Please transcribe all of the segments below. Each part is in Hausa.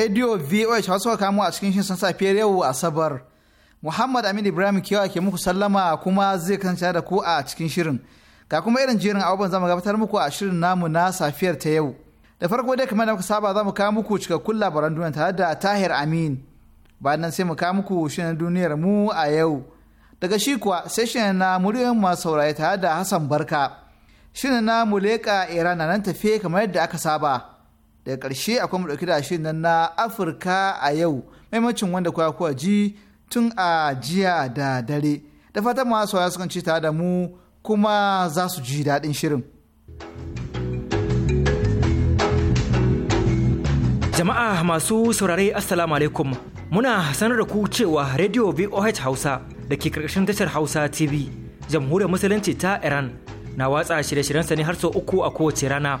Radio VOH wasu kamu a cikin shinsan safiyar yau Asabar. Muhammad Aminu Ibrahim kewa ke muku sallama kuma zai kasance da ku a cikin shirin. Ga kuma irin jerin abubuwan zamu gabatar muku a shirin namu na safiyar ta yau. Da farko dai kamar da muka saba za mu kawo muku cikakkun labaran duniya tare da Tahir Amin. Bayan nan sai mu kawo muku shirin duniyar mu a yau. Daga shi kuwa sai shirin na muryoyin masu saurayi tare da Hassan Barka. Shirin na leƙa Iran na nan tafe kamar yadda aka saba. daga ƙarshe akwai mu ɗauki da nan na afirka a yau maimacin wanda kuwa kuwa ji tun a jiya da dare da fatan masu waya sukan ci tare da mu kuma za su ji daɗin shirin jama'a masu saurare assalamu alaikum muna sanar da ku cewa radio voh hausa da ke karkashin tashar hausa tv jamhuriyar musulunci ta iran na watsa shirye-shiryensa ne har sau uku a kowace rana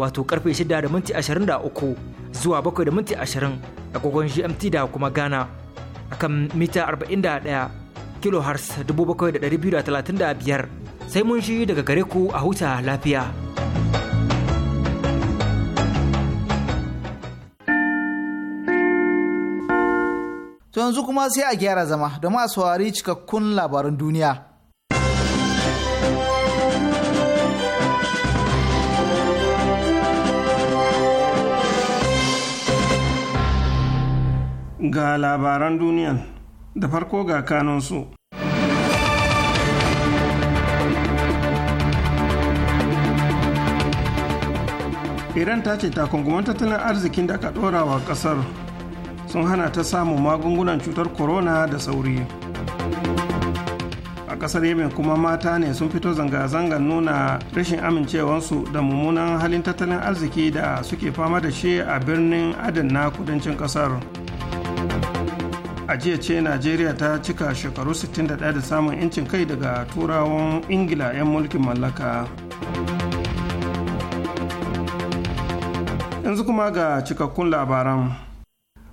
wato karfe 6 da minti 23 zuwa 7 da minti 20 agogon GMT da kuma Ghana akan mita 41 kilohertz 7,235 sai mun shi daga gare ku a huta lafiya. yanzu kuma sai a gyara zama da masu saurari cikakkun labarin duniya. ga labaran duniyan da farko ga kanunsu. iran ta ce takunguman tattalin arzikin da aka ɗora wa ƙasar sun hana ta samun magungunan cutar corona da sauri a ƙasar yemen kuma mata ne sun fito zanga-zangar nuna rashin amincewansu da mummunan halin tattalin arziki da suke fama da shi a birnin adin na kudancin ƙasar. a jiya ce najeriya ta cika shekaru 61 da samun incin kai daga turawan ingila 'yan mulkin mallaka yanzu kuma ga cikakkun labaran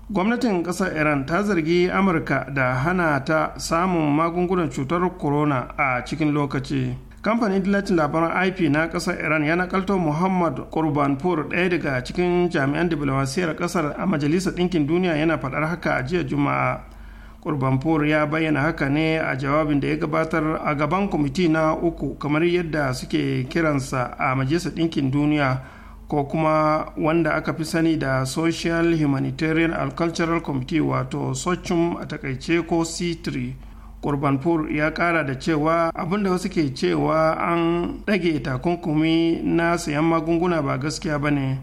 gwamnatin ƙasar iran ta zargi amurka da hana ta samun magungunan cutar corona a cikin lokaci kamfanin dillacin labaran ip na kasar iran ya nakalto muhammad kurbanpur ɗaya daga cikin jami'an diplomasiyar kasar a majalisar ɗinkin duniya yana faɗar haka a jiya juma'a kurbanpur ya bayyana haka ne a jawabin da ya gabatar a gaban kwamiti na uku kamar yadda suke kiransa a majalisar ɗinkin duniya ko kuma wanda aka fi sani da social humanitarian and cultural committee wato sochum a takaice ko c3 Urbanpur ya kara da cewa abinda wasu ke cewa an ɗage takunkumi na sayan magunguna ba gaskiya ba ne.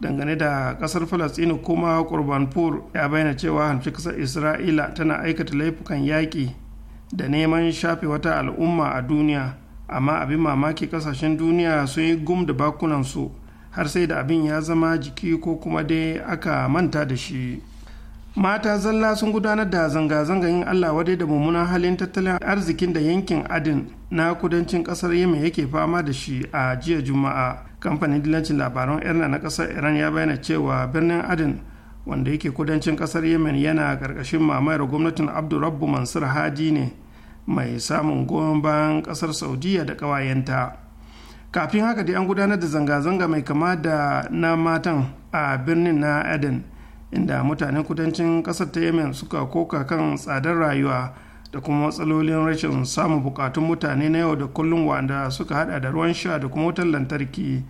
Dangane da ƙasar Falasɗinu kuma Kurbanpur ya bayyana cewa hanci ƙasar Isra'ila tana aikata laifukan yaƙi da neman shafe wata al'umma a duniya, amma abin mamaki ƙasashen duniya sun yi gum da bakunansu har sai da abin ya zama jiki ko kuma dai aka manta da shi. mata zalla sun gudanar da zanga-zangar yin allah wadai da mummunan halin tattalin arzikin da yankin adin na kudancin kasar yemen yake fama da shi a jiya juma'a kamfanin dillancin labaran irna na kasar iran ya bayyana cewa birnin adin wanda yake kudancin kasar yemen yana karkashin mamayar gwamnatin abdurrabbu mansur hadi ne mai samun goyon bayan kasar saudiya da kawayenta kafin haka dai an gudanar da zanga-zanga mai kama da na matan a birnin na adin inda mutanen kudancin kasar ta yemen suka koka kan tsadar rayuwa da kuma matsalolin rashin samun bukatun mutane na yau da kullum wanda suka hada da ruwan sha da kuma wutar lantarki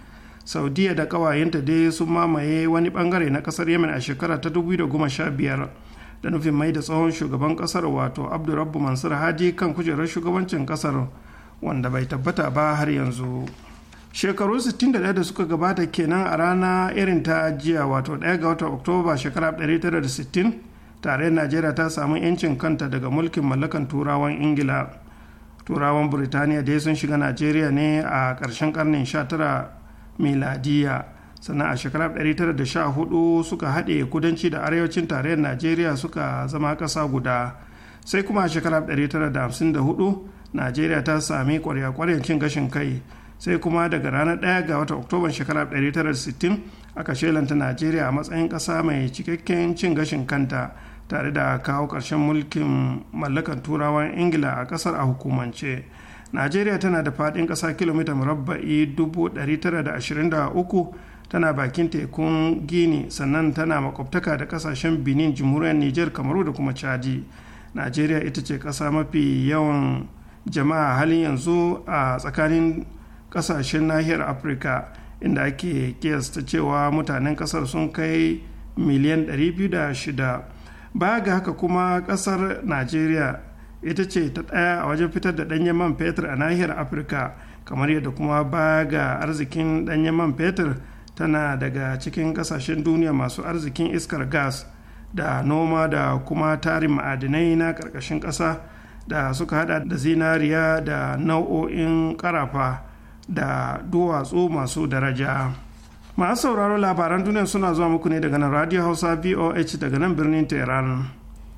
saudiya da ƙawayenta dai sun mamaye wani bangare na ƙasar yemen a shekara ta 2015 da nufin mai da tsohon shugaban ƙasar wato abdurrabbu mansur hadi kan kujerar shugabancin ƙasar wanda bai tabbata ba har yanzu. shekaru 61 da suka gabata kenan a rana irin ta jiya wato 1 ga watan oktoba shekara 1960 tarayyar najeriya ta samu 'yancin kanta daga mulkin mallakan turawan ingila turawan burtaniya dai sun shiga najeriya ne a karshen karnin 19 miladiya sannan a shekarar 1914 suka haɗe kudanci da arewacin tarayyar najeriya suka zama kasa guda sai kuma a shekarar 1954 najeriya ta sami ƙwarya kwaryancin cin gashin kai sai kuma daga ranar 1 ga watan oktoban shekara 1960 aka shelanta najeriya a matsayin ƙasa mai cikakken cin gashin kanta tare da kawo ƙarshen mulkin mallakan turawan ingila a ƙasar a hukumance najeriya tana da faɗin ƙasa kilomita murabba'i 923 tana bakin tekun gini sannan tana makwabtaka da ƙasashen benin jamhuriyar niger kamaru da kuma chadi najeriya ita ce ƙasa mafi yawan jama'a halin yanzu a tsakanin kasashen nahiyar afirka inda ake kiyasta cewa mutanen kasar sun kai miliyan 206 ba ga haka kuma kasar najeriya ita ce ta ɗaya a wajen fitar da ɗanyen man fetur a nahiyar afirka kamar yadda kuma baya ga arzikin ɗanyen man fetur tana daga cikin kasashen duniya masu arzikin iskar gas da noma da kuma tarin ma'adinai na ƙarƙashin ƙasa da suka hada da zinariya da nau'o'in ƙarafa da duwatsu masu daraja masu sauraro labaran duniya suna zuwa muku ne daga nan radio hausa voh daga nan birnin tehran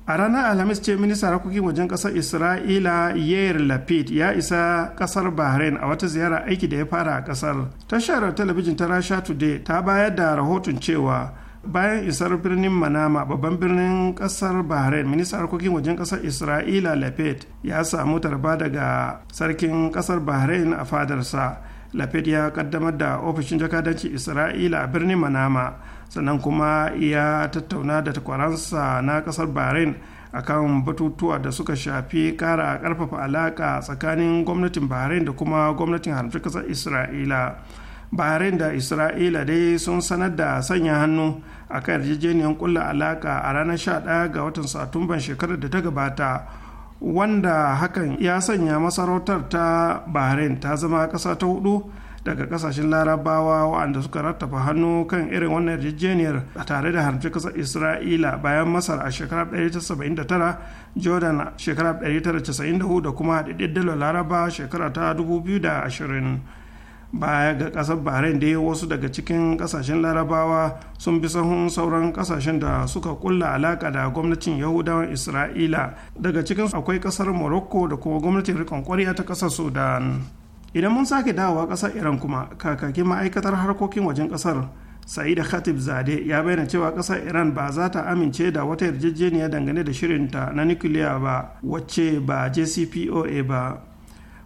a ranar alhamis ce minista harkokin wajen kasar isra'ila yair lapid ya isa kasar bahrain a wata ziyara aiki da ya fara a kasar tashar talabijin ta rasha today ta bayar da rahoton cewa bayan isar birnin manama babban birnin kasar bahrain ministan harkokin wajen kasar isra'ila lafet ya samu tarba daga sarkin kasar bahrain a fadarsa lafet ya kaddamar da ofishin jakadanci isra'ila a birnin manama sannan kuma ya tattauna da takwaransa na kasar bahrain akan batutuwa da suka shafi kara karfafa alaka tsakanin gwamnatin bahrain da kuma gwamnatin harfi kasar isra'ila bahrain da isra'ila dai sun sanar da sanya hannu a kan yarjejeniyar kulla alaka a ranar 11 ga watan satumban shekarar da ta gabata wanda hakan ya sanya masarautar ta bahrain ta zama ƙasa ta hudu daga kasashen larabawa waɗanda suka rattafa hannu kan irin wannan yarjejeniyar a tare da harfi kasar isra'ila bayan masar a shekarar 1979 jordan shekarar 1994 da kuma haɗaɗɗen dalar laraba shekara ta 2020 baya ga kasar bahrain dai wasu daga cikin kasashen larabawa sun bi sahun sauran kasashen da suka kulla alaka da gwamnatin yahudawan isra'ila daga cikin akwai kasar morocco da kuma gwamnatin rikon kwarya ta kasar sudan idan mun sake dawowa kasar iran kuma kakakin ma'aikatar harkokin wajen kasar sa'ida khatib zade ya bayyana cewa kasar iran ba za ta amince da wata yarjejeniya dangane da shirinta na nukiliya ba wacce ba jcpoa ba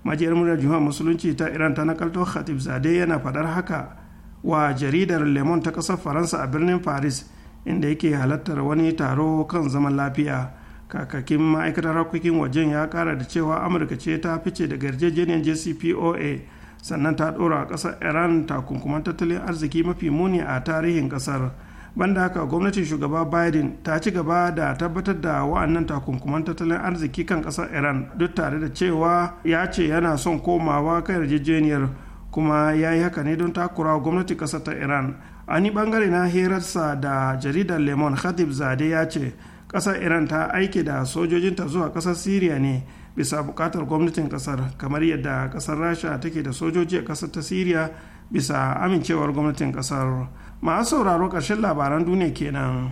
majiyar murnar juma'a musulunci ta iran ta nakalto khatib zade yana fadar haka wa jaridar lemon ta kasar faransa a birnin paris inda yake halartar wani taro kan zaman lafiya kakakin ma'aikatar harkokin wajen ya kara da cewa amurka ce ta fice daga yarjejeniyar jcpoa sannan ta dora a kasar iran takunkuman tattalin arziki mafi muni a tarihin kasar banda haka gwamnatin shugaba biden ta ci gaba da tabbatar da wa'annan takunkuman tattalin arziki kan kasar iran duk tare da cewa ya ce yana son komawa kan yarjejeniyar kuma ya yi haka ne don takura gwamnatin kasar ta iran a ni bangare na hirarsa da jaridar lemon khatib zade ya ce kasar iran ta aike da sojojinta zuwa kasar syria ne bisa bukatar gwamnatin kasar kamar yadda kasar rasha take da sojoji a kasar ta syria bisa amincewar gwamnatin kasar masu sauraro ƙarshen labaran duniya kenan.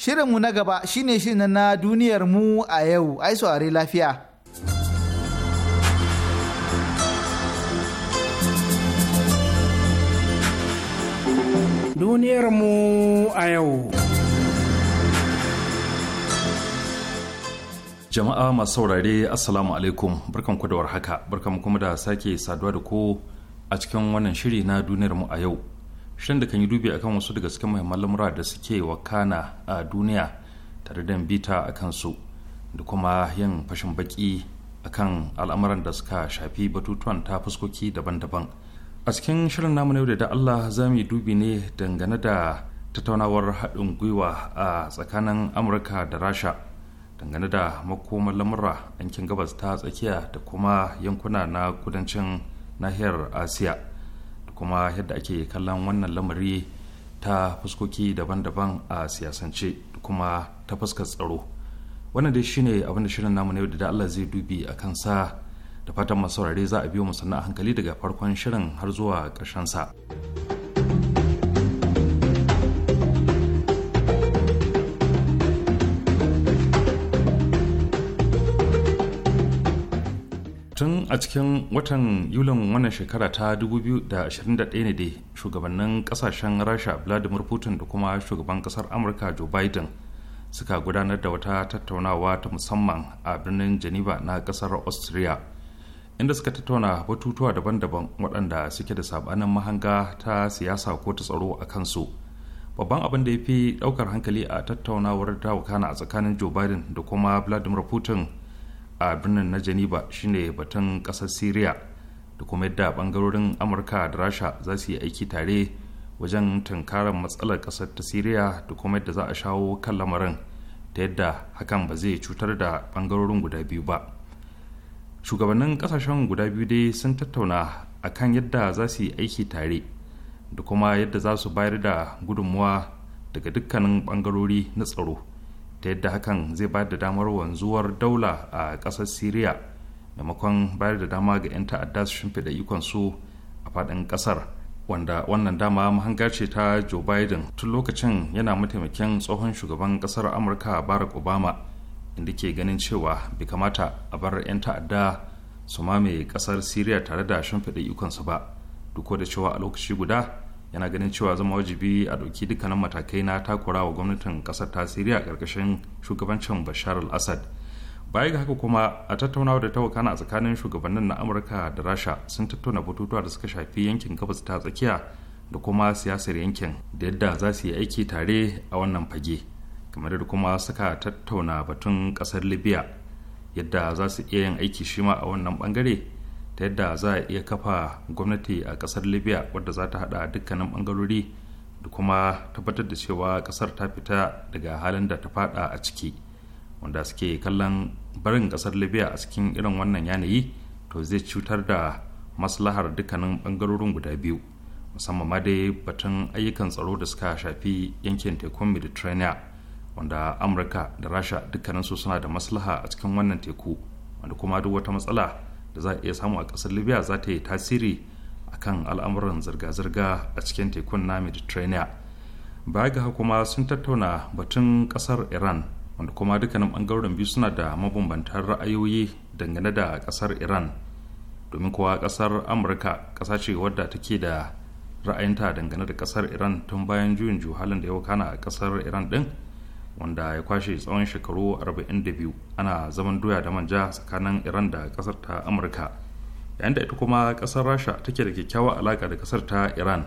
Shirinmu na gaba shine shirin na duniyar mu a yau, ai saurari lafiya. Duniyar mu a yau. jama'a masu saurare assalamu alaikum barkan ku da warhaka barkan kuma da sake saduwa da ku a cikin wannan shiri na duniyar mu a yau shirin da kan yi dubi akan wasu daga cikin muhimman lamura da suke wakana a duniya tare da bita a kansu da kuma yin fashin baki akan al'amuran da suka shafi batutuwan ta fuskoki daban-daban a cikin shirin namu na yau da Allah za mu yi dubi ne dangane da tattaunawar haɗin gwiwa a tsakanin amurka da rasha dangane da makoman lamura yankin gabas ta tsakiya da kuma yankuna na kudancin nahiyar asiya da kuma yadda ake kallon wannan lamari ta fuskoki daban-daban a siyasance da kuma ta fuskar tsaro wannan dai shine abin da shirin namu ne yau da Allah zai dubi a sa da fatan masu za a biyo mu hankali daga farkon shirin har zuwa ƙarshen sa. a cikin watan yulin wannan shekara ta 2021 ne dai shugabannin kasashen rasha vladimir putin da kuma shugaban kasar amurka joe biden suka gudanar da wata tattaunawa ta musamman a birnin geneva na kasar austria inda suka tattauna batutuwa daban-daban waɗanda suke da sabanin mahanga ta siyasa ko ta tsaro a kansu babban abin da ya fi ɗaukar hankali a tattaunawar dawakana a tsakanin joe biden da kuma vladimir putin a birnin na geneva shine batun ƙasar syria da kuma yadda bangarorin amurka da rasha za su yi aiki tare wajen tunkarar matsalar ƙasar ta syria da kuma yadda za a shawo kan lamarin ta yadda hakan ba zai cutar da bangarorin guda biyu ba shugabannin kasashen guda biyu dai sun tattauna a kan yadda za su yi aiki tare da kuma yadda za su bayar da gudunmuwa daga dukkanin bangarori na tsaro ta yadda hakan zai ba da damar wanzuwar daula a ƙasar syria maimakon bayar da dama ga 'yan ta'adda su shimfiɗa ikon su a faɗin ƙasar wanda wannan dama mahanga ce ta joe biden tun lokacin yana mataimakin tsohon shugaban ƙasar amurka barack obama inda ke ganin cewa bai kamata a bar 'yan ta'adda su mame ƙasar syria tare da shimfiɗa ikonsu ba duk da cewa a lokaci guda yana ganin cewa zama wajibi a ɗauki dukkanin matakai na takura wa gwamnatin ƙasar ta siriya a ƙarƙashin shugabancin bashar al-assad baya ga haka kuma a tattaunawa da ta a tsakanin shugabannin na amurka da rasha sun tattauna batutuwa da suka shafi yankin gabas ta tsakiya da kuma siyasar yankin da yadda za su yi aiki tare a wannan fage kamar da kuma suka tattauna batun ƙasar libya yadda za su iya yin aiki shima a wannan bangare ta yadda za a iya kafa gwamnati a kasar libya wadda za ta hada dukkanin bangarori da kuma tabbatar da cewa kasar ta fita daga halin da ta fada a ciki wanda suke kallon barin kasar libya a cikin irin wannan yanayi to zai cutar da maslahar dukkanin bangarorin guda biyu musamman ma dai batun ayyukan tsaro da suka shafi yankin tekun mediterranean wanda amurka da rasha dukkaninsu suna da maslaha a cikin wannan teku wanda kuma duk wata matsala da za a iya samu a ƙasar libya za ta yi tasiri a kan al'amuran zirga-zirga a cikin tekun na mediterranean baya ga kuma sun tattauna batun ƙasar iran wanda kuma dukkanin ɓangaren biyu suna da mabambantan ra'ayoyi dangane da ƙasar iran domin kowa ƙasar amurka ƙasa ce wadda take da ra'ayinta dangane da ƙasar iran tun bayan juyin juhalin da ya wakana a ƙasar iran ɗin wanda ya kwashe tsawon shekaru 42 ana zaman doya da manja tsakanin iran da kasar ta amurka yayin da ita kuma kasar rasha take da kyakkyawar alaka da kasar ta iran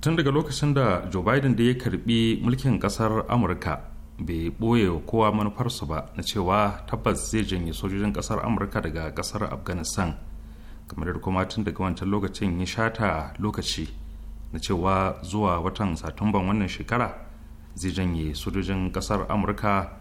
tun daga lokacin da joe biden da ya karbi mulkin kasar amurka bai ɓoye wa kowa manufarsu ba na cewa tabbas zai janye sojojin kasar amurka daga kasar afghanistan kamar da kuma tun daga wancan lokacin ya shata lokaci na cewa zuwa watan satumban wannan shekara zai janye sojojin kasar amurka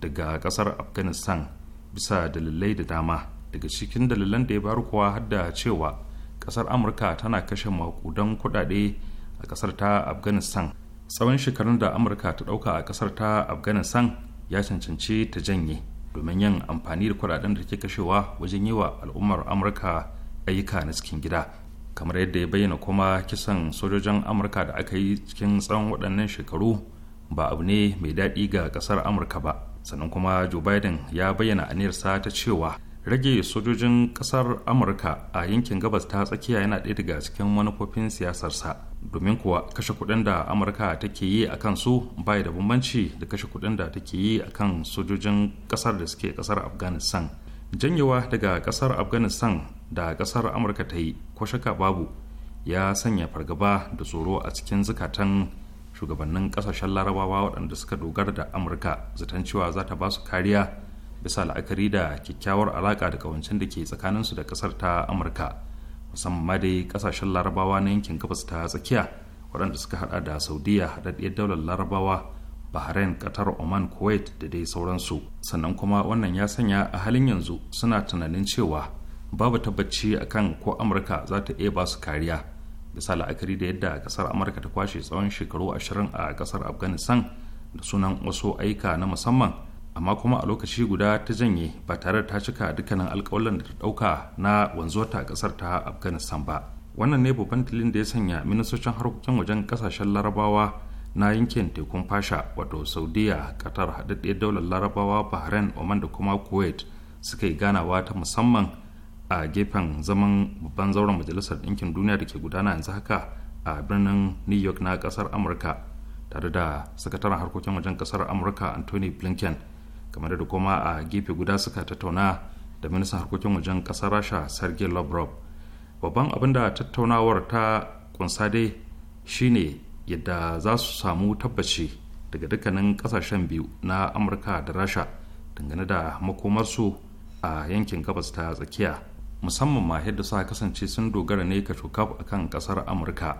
daga kasar afghanistan bisa dalilai da dama daga cikin dalilan da ya bar kuwa har cewa kasar amurka tana kashe makudan kudade a kasar ta afghanistan tsawon shekarun da amurka ta dauka a kasar ta afghanistan ya cancanci ta janye domin yin amfani da kudaden da ke kashewa wajen yi wa al'ummar amurka ayyuka na cikin gida kamar yadda ya bayyana kuma kisan sojojin amurka da aka yi cikin tsawon waɗannan shekaru ba abu ne mai daɗi ga ƙasar amurka ba sannan kuma joe biden ya bayyana aniyarsa ta cewa rage sojojin ƙasar amurka a yankin gabas ta tsakiya yana ɗaya daga cikin manufofin siyasarsa domin kuwa kashe kuɗin da amurka take yi a kan su bai da bambanci da kashe kuɗin da take yi a kan sojojin ƙasar da suke ƙasar afghanistan janyewa daga ƙasar afghanistan da ƙasar amurka ta yi ko shaka babu ya sanya fargaba da tsoro a cikin zukatan shugabannin kasashen larabawa waɗanda suka dogara da amurka zaton cewa za ta ba su kariya bisa la'akari da kyakkyawar alaƙa da ƙawancin da ke tsakaninsu da ƙasar ta amurka musamman dai ƙasashen larabawa na yankin gabas ta tsakiya waɗanda suka haɗa da saudiya haɗaɗɗiyar daular larabawa bahrain qatar oman kuwait da dai sauransu sannan kuma wannan ya sanya a halin yanzu suna tunanin cewa babu tabbaci akan ko amurka za ta iya ba su kariya bisa la'akari da yadda kasar amurka ta kwashe tsawon shekaru ashirin a kasar afghanistan da sunan wasu aika na musamman amma kuma a lokaci guda ta janye ba tare da ta cika dukkanin alkawalan da ta dauka na wanzuwata a kasar ta afghanistan ba wannan ne babban tilin da ya sanya ministocin harkokin wajen kasashen larabawa na yankin tekun fasha wato saudiya qatar haɗaɗɗiyar daular larabawa bahrain oman da kuma kuwait suka yi ganawa ta musamman a gefen zaman babban zauren majalisar ɗinkin duniya da ke gudana yanzu haka a birnin new york na ƙasar amurka tare da sakataren harkokin wajen ƙasar amurka anthony blinken kamar da kuma a gefe guda suka tattauna da ministan harkokin wajen ƙasar rasha sergei lavrov babban abin da tattaunawar ta kunsa dai shine yadda za su samu tabbaci daga dukkanin kasashen biyu na amurka da rasha dangane da makomarsu a yankin gabas ta tsakiya musamman ma yadda suka kasance sun dogara ne kacokaf a kan kasar amurka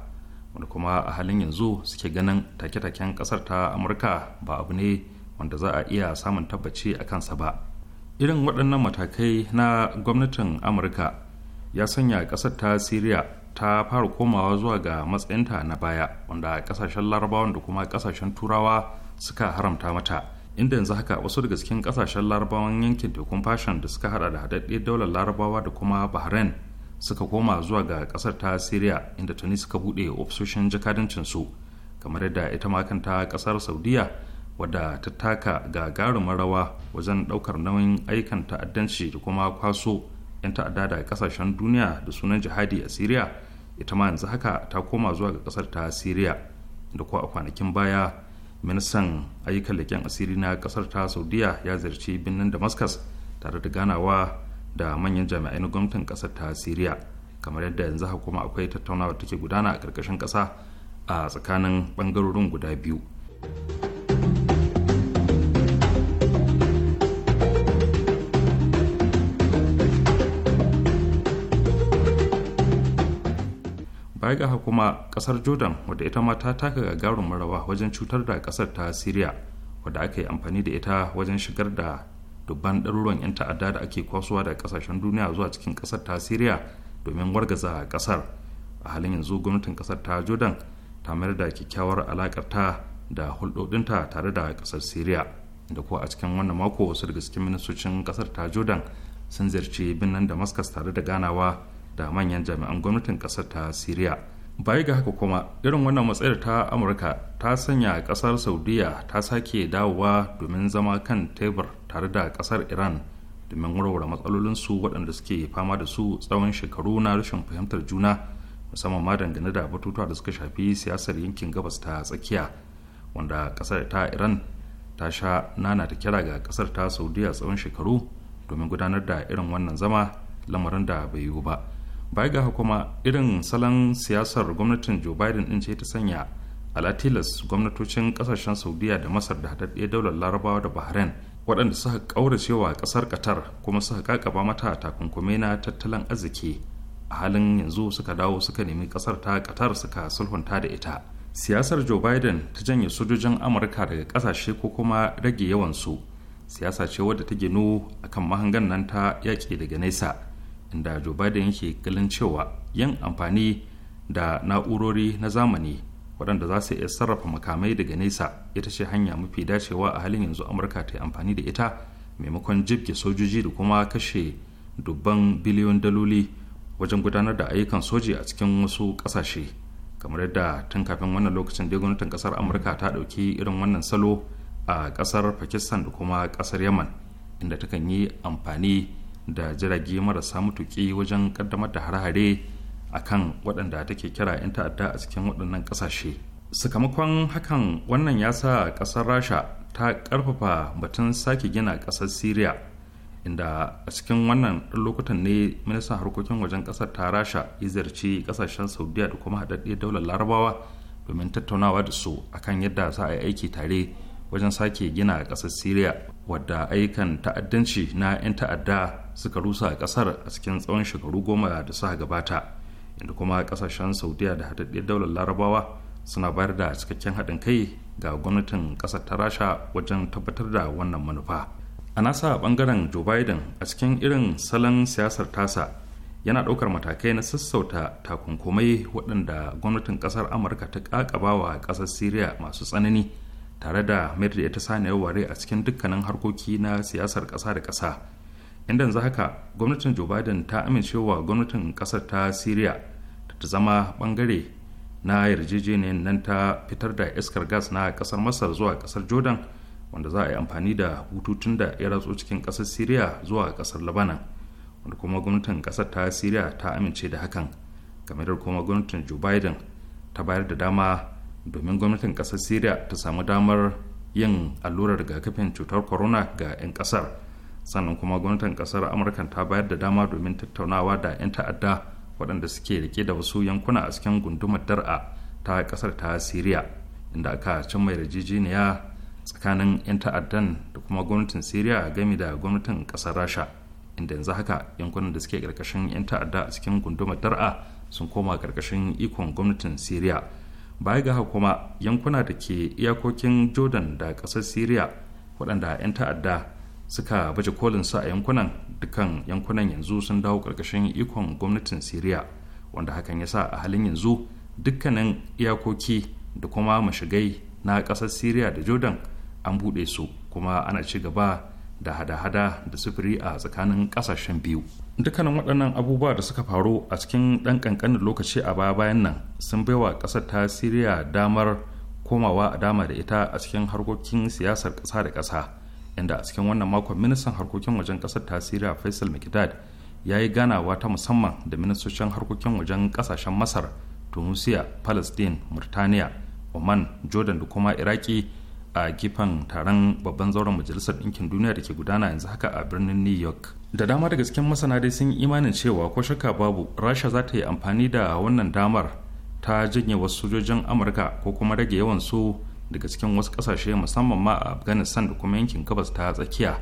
wanda kuma a halin yanzu suke ganin take-taken kasar ta amurka ba abu ne wanda za a iya samun tabbaci a kansa ba irin waɗannan matakai na gwamnatin amurka ya sanya ƙasar ta syria ta fara komawa zuwa ga matsayinta na baya wanda ƙasashen larabawan da kuma ƙasashen turawa suka haramta mata inda yanzu haka wasu daga cikin kasashen larabawan yankin tekun fashon da suka hada da hadaddiyar daular larabawa da kuma bahrain suka koma zuwa ga kasar ta syria inda tuni suka bude ofisoshin jakadancinsu kamar yadda ita ma kanta kasar saudiya wadda ta taka ga garin rawa wajen daukar nauyin aikan ta'addanci da kuma kwaso 'yan ta'adda da kasashen duniya da sunan jihadi a syria ita ma yanzu haka ta koma zuwa ga kasar ta syria da kuwa a kwanakin baya ministan ayyukan leƙen asiri na ƙasar ta saudiya ya ziyarci birnin damascus tare da ganawa da manyan jami'ai na gwamnatin ƙasar ta siriya kamar yadda yanzu haka kuma akwai tattaunawa da take gudana a ƙarƙashin ƙasa a tsakanin ɓangarorin guda biyu baya ga kuma kasar jordan wadda ita ma ta taka gagarin marawa wajen cutar da kasar ta syria wadda aka yi amfani da ita wajen shigar da dubban ɗaruruwan 'yan ta'adda da ake kwasuwa da kasashen duniya zuwa cikin kasar ta syria domin wargaza kasar a halin yanzu gwamnatin kasar ta jordan ta mayar da kyakkyawar alakar ta da hulɗoɗinta tare da kasar syria da kuwa a cikin wannan mako wasu daga cikin ministocin kasar ta jordan sun ziyarci birnin damascus tare da ganawa da manyan jami'an gwamnatin kasar ta syria baya ga haka kuma irin wannan matsayar ta amurka ta sanya kasar saudiya ta sake dawowa domin zama kan tebur tare da kasar iran domin warware matsalolin su waɗanda suke fama da su tsawon shekaru na rashin fahimtar juna musamman ma dangane da batutuwa da suka shafi siyasar yankin gabas ta tsakiya wanda kasar ta iran ta sha nana ta kira ga kasar ta saudiya tsawon shekaru domin gudanar da irin wannan zama lamarin da bai yiwu ba baya ga kuma irin salon siyasar gwamnatin joe biden din ce ta sanya alatilas gwamnatocin kasashen saudiya da masar da haɗaɗɗiyar daular larabawa da bahrain waɗanda suka ƙauracewa ƙasar qatar kuma suka kakaba mata takunkume na tattalin arziki a halin yanzu suka dawo suka nemi ƙasar ta qatar suka sulhunta da ita siyasar joe biden ta janye sojojin amurka daga ƙasashe ko kuma rage yawansu siyasa ce wadda ta ginu akan mahangan nan ta yaƙi daga nesa da joe biden yake kalin cewa yin amfani da na'urori na zamani waɗanda za su iya sarrafa makamai daga nesa ita ce hanya mafi dacewa a halin yanzu amurka ta yi amfani da ita maimakon jibge sojoji da kuma kashe dubban biliyon daloli wajen gudanar da ayyukan soji a cikin wasu ƙasashe kamar yadda tun kafin wannan lokacin da gwamnatin ƙasar amurka ta ɗauki irin wannan salo a ƙasar pakistan da kuma ƙasar yaman inda takan yi amfani da jirage marasa mutuƙi wajen kaddamar da hare-hare a kan waɗanda take kira 'yan ta'adda a cikin waɗannan ƙasashe sakamakon hakan wannan ya sa ƙasar rasha ta ƙarfafa batun sake gina ƙasar syria inda a cikin wannan ɗan lokutan ne ministan harkokin wajen ƙasar ta rasha ya ziyarci ƙasashen saudiya da kuma haɗaɗɗiyar daular larabawa domin tattaunawa da su akan yadda za a yi aiki tare wajen sake gina ƙasar syria wadda ayyukan ta'addanci na 'yan ta'adda suka rusa a ƙasar a cikin tsawon shekaru goma da suka gabata inda kuma ƙasashen saudiya da haɗaɗɗiyar daular larabawa suna bayar da cikakken haɗin kai ga gwamnatin ƙasar ta rasha wajen tabbatar da wannan manufa a nasa ɓangaren joe biden a cikin irin salon siyasar tasa yana ɗaukar matakai na sassauta takunkumai waɗanda gwamnatin ƙasar amurka ta ƙaƙabawa ƙasar syria masu tsanani tare da mayar da ita saniyar ware a cikin dukkanin harkoki na siyasar ƙasa da ƙasa inda yanzu haka gwamnatin joe biden ta amincewa gwamnatin ƙasar ta syria ta zama bangare na yarjejeniyar nan ta fitar da iskar gas na ƙasar masar zuwa ƙasar jordan wanda za a yi amfani da bututun da ya ratso cikin ƙasar syria zuwa ƙasar labanan wanda kuma gwamnatin ƙasar ta syria ta amince da hakan game da kuma gwamnatin joe biden ta bayar da dama domin gwamnatin kasar syria ta samu damar yin allurar rigakafin cutar corona ga 'yan kasar sannan kuma gwamnatin kasar amurka ta bayar da dama domin tattaunawa da 'yan ta'adda waɗanda suke rike da wasu yankuna a cikin gundumar dar'a ta kasar ta syria inda aka mai yarjejeniya tsakanin 'yan ta'addan da kuma gwamnatin syria game da gwamnatin kasar rasha inda yanzu haka yankunan da suke karkashin 'yan ta'adda a cikin gundumar dar'a sun koma karkashin ikon gwamnatin syria baya ga kuma yankuna da ke iyakokin jordan da ƙasar syria waɗanda 'yan ta'adda suka baje kolin su a yankunan dukkan yankunan yanzu sun dawo ƙarƙashin ikon gwamnatin syria wanda hakan ya sa a halin yanzu dukkanin iyakoki da kuma mashigai na ƙasar syria da jordan an buɗe su kuma ana ci gaba da hada-hada da sufuri a tsakanin ƙasashen biyu dukkanin waɗannan abubuwa da suka faru a cikin ɗan ƙanƙanin lokaci a baya bayan nan sun bai wa ƙasar ta siriya damar komawa a dama da ita a cikin harkokin siyasar ƙasa da ƙasa inda a cikin wannan makon ministan harkokin wajen ƙasar ta siriya faisal mikdad ya yi ganawa ta musamman da ministocin harkokin wajen ƙasashen masar tunisia palestine murtaniya oman jordan da kuma iraki a gefen taron babban zauren majalisar ɗinkin duniya da ke gudana yanzu haka a birnin new york da dama daga cikin masana dai sun imanin cewa ko shakka babu rasha za ta yi amfani da wannan damar ta janye wasu sojojin amurka ko kuma rage yawan su daga cikin wasu ƙasashe musamman ma a afghanistan da kuma yankin gabas ta tsakiya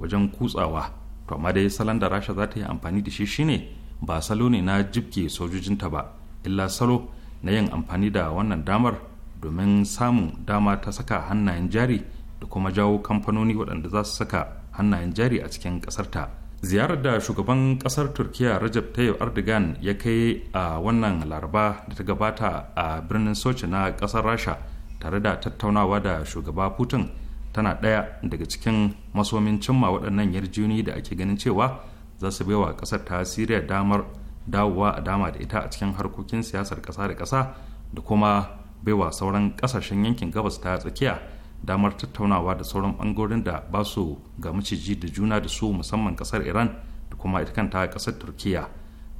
wajen kutsawa to amma dai salon da rasha za ta yi amfani da shi shine ba salo ne na jibge sojojinta ba illa salo na yin amfani da wannan damar domin samun dama ta saka hannayen jari da kuma jawo kamfanoni waɗanda za su saka hannayen jari a cikin ƙasarta. ta ziyarar da shugaban ƙasar turkiya rajab tayyip erdogan ya kai a wannan laraba da ta gabata a birnin sochi na ƙasar rasha tare da tattaunawa da shugaba putin tana ɗaya daga cikin masomin cimma waɗannan yarjuni da ake ganin cewa za su baiwa ƙasar ta siriya damar dawowa a dama da ita a cikin harkokin siyasar ƙasa da ƙasa da kuma baiwa sauran kasashen yankin gabas ta tsakiya damar tattaunawa da sauran bangorin da ba su ga maciji da juna da su musamman kasar iran da kuma ita kanta kasar turkiya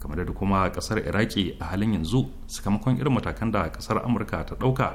kamar da kuma kasar iraki a halin yanzu sakamakon irin matakan da kasar amurka ta dauka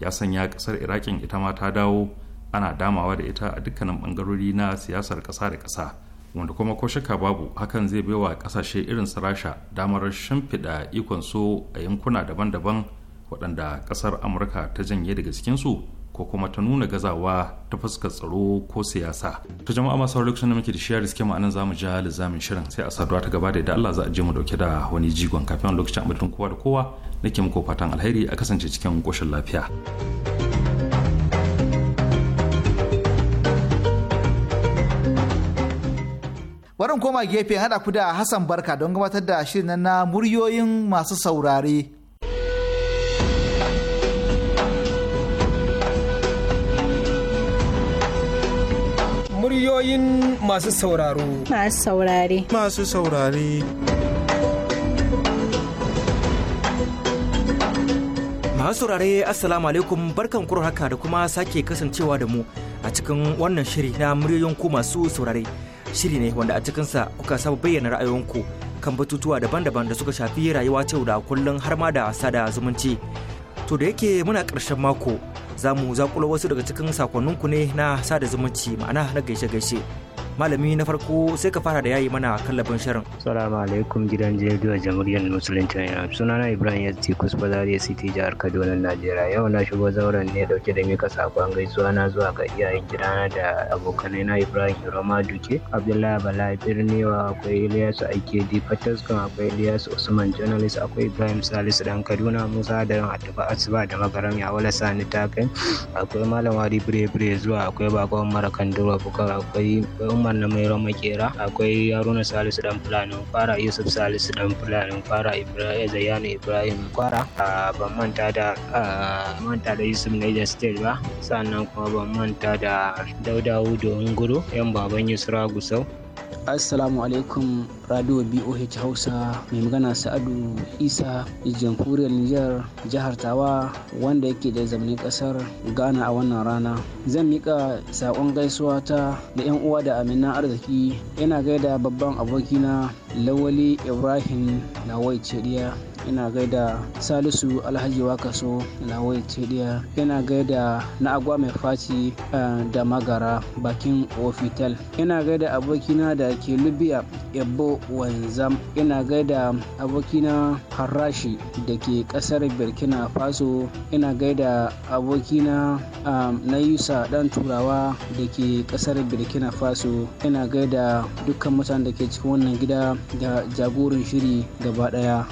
ya sanya kasar irakin ita ma ta dawo ana damawa da ita a dukkanin bangarori na siyasar kasa da kasa wanda kuma ko shakka babu hakan zai baiwa kasashe irin su rasha damar shimfiɗa ikon su a yankuna daban-daban waɗanda ƙasar amurka ta janye daga cikinsu ko kuma ta nuna gazawa ta fuskar tsaro ko siyasa to jama'a masu lokacin da muke da shiyar riske ma'anan zamu ja lizamin shirin sai a saduwa ta gaba da yadda Allah za a je mu dauke da wani jigon kafin lokacin amintun kowa da kowa nake muku fatan alheri a kasance cikin koshin lafiya Barin koma gefe hada ku da Hassan Barka don gabatar da shirin na muryoyin masu saurare. Muryoyin masu sauraro. Masu saurare. Masu saurare. Masu saurare Assalamu alaikum barkan kuro haka da kuma sake kasancewa da mu a cikin wannan shiri na muryoyin ku masu saurare. Shiri ne wanda a cikinsa kuka saba bayyana ra'ayoyinku kan batutuwa daban-daban da suka shafi rayuwa yau da kullum har ma da sada zumunci. To da yake muna ƙarshen mako za mu zakula wasu daga cikin sakonninku ne na sada zumunci ma'ana na gaishe-gaishe malami na farko sai ka fara da yayi mana kallafin shirin salamu alaikum gidan jirgin jamhuriyar musulunci na sunana ibrahim yasti kusba zariya city jihar kaduna najeriya yau na shigo zauren ne dauke da mika sakon gaisuwa na zuwa ga iyayen gidana da abokanai na ibrahim roma duke abdullahi bala birniwa akwai Ilyas aike Fatas akwai Ilyas usman journalist akwai ibrahim salisu dan kaduna musa da atuba asuba da magaram ya wala sani takai akwai malam wari bire bire zuwa akwai bakon marakan durwa bukar akwai Umar na Mairo Makera akwai Haruna Salisu dan Fulani fara Yusuf Salisu dan Fulani fara Ibrahim Zayana Ibrahim Kwara ban manta da manta da Yusuf Niger State ba sannan kuma ban manta da Dauda Hudu Nguru yan baban Yusra Gusau Assalamu alaikum radio boh hausa mai magana sa'adu isa jamhuriyar nijar jihar tawa wanda yake da zamanin ƙasar ghana a wannan rana zan mika saƙon gaisuwa ta da yan uwa da aminan arziki yana gaida babban abokina lawali ibrahim lawai cediya ina gaida salisu alhaji wakaso lawai cediya ina gaida na agwa mai faci eh, da magara bakin ofitel ina gaida abokina da ke libya ebo. Wanzam ina gaida abokina Harashi da ke kasar Burkina Faso ina gaida abokina um, na Yusa dan Turawa da ke kasar Burkina Faso ina gaida dukkan mutanen da ke cikin wannan gida da jagorin shiri gaba daya.